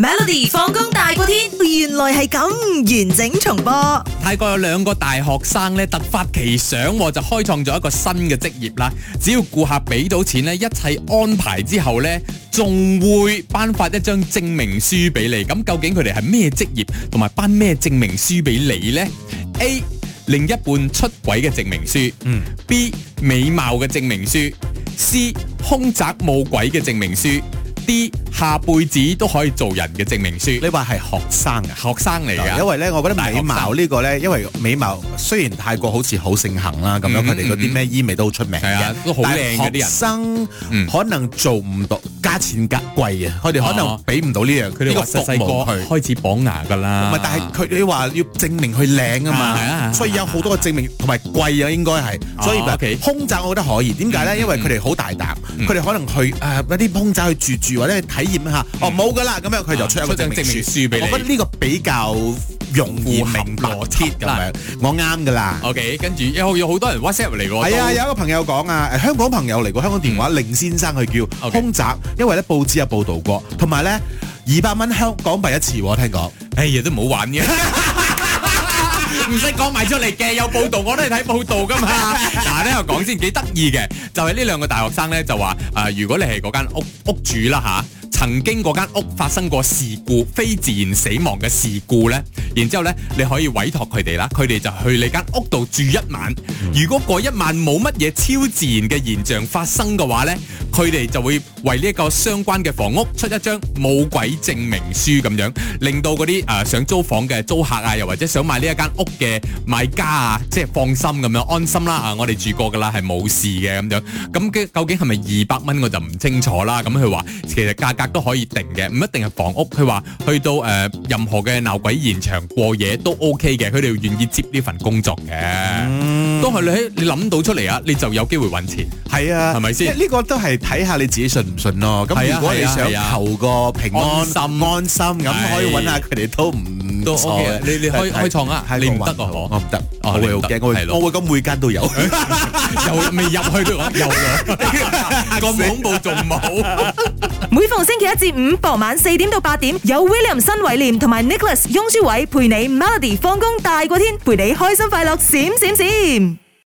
Melody 放工大過天，原來係咁，完整重播。泰國有兩個大學生呢，突發奇想，就開創咗一個新嘅職業啦。只要顧客畀到錢呢，一切安排之後呢，仲會頒發一張證明書畀你。咁究竟佢哋係咩職業，同埋頒咩證明書畀你呢？A，另一半出軌嘅證明書。嗯。B，美貌嘅證明書，C 凶宅冇鬼嘅證明書，D，下輩子都可以做人嘅證明書，你話係學生啊，學生嚟嘅，因為咧，我覺得美貌呢、呢個咧，因為美貌雖然泰國好似好盛行啦，咁樣佢哋嗰啲咩醫美都好出名嘅，都好靚嘅啲人，嗯、生可能做唔到、嗯，價錢格貴啊，佢哋可能俾唔到呢樣，哋個細細個，哦、開始綁牙噶啦，但係佢你話要證明佢靚啊嘛，所以有好多嘅證明同埋、啊、貴啊，應該係、哦，所以咪凶宅我覺得可以，點解咧？因為佢哋好大膽，佢、嗯、哋可能去誒啲凶宅去住住或者睇體驗吓、嗯、哦冇噶啦，咁樣佢就出咗一個證明書俾你。我覺得呢個比較容易明白。鐵咁樣，我啱噶啦。OK，跟住有有好多人 WhatsApp 嚟喎。係啊，有一個朋友講啊，香港朋友嚟過香港電話，令、嗯、先生去叫空宅，okay，因為咧報紙有報道過，同埋咧二百蚊香港幣一次，我聽講。哎呀，都唔好玩嘅，唔使講埋出嚟嘅，有報道我都係睇報道噶嘛。嗱、 啊，呢又講先，幾得意嘅，就係呢兩個大學生咧，就話誒，如果你係嗰間屋屋主啦吓。啊曾經嗰間屋發生過事故，非自然死亡嘅事故呢。然之後呢，你可以委託佢哋啦，佢哋就去你間屋度住一晚。如果嗰一晚冇乜嘢超自然嘅現象發生嘅話呢，佢哋就會為呢一個相關嘅房屋出一張冇鬼證明書咁樣，令到嗰啲誒想租房嘅租客啊，又或者想買呢一間屋嘅買家啊，即係放心咁樣安心啦啊！我哋住過噶啦，係冇事嘅咁樣。咁究竟係咪二百蚊我就唔清楚啦。咁佢話其實價。格都可以定嘅，唔一定係房屋。佢話去到誒任何嘅鬧鬼現場過夜都 OK 嘅，佢哋願意接呢份工作嘅。都係你你諗到出嚟啊，你就有機會揾錢。係啊，係咪先？呢個都係睇下你自己信唔信咯。咁如果你想求個平安，安心安心，咁可以揾下佢哋都唔錯，都 OK。你你可以開創啊，你唔得個我，我唔得，我會好驚，我會我會咁每間都有，又未入去都有，咁恐怖仲冇。每逢星期一至五，傍晚四點到八點，有 William 新偉廉同埋 Nicholas 雍書偉陪你 Melody 放工大過天，陪你開心快樂閃閃閃。閃閃閃。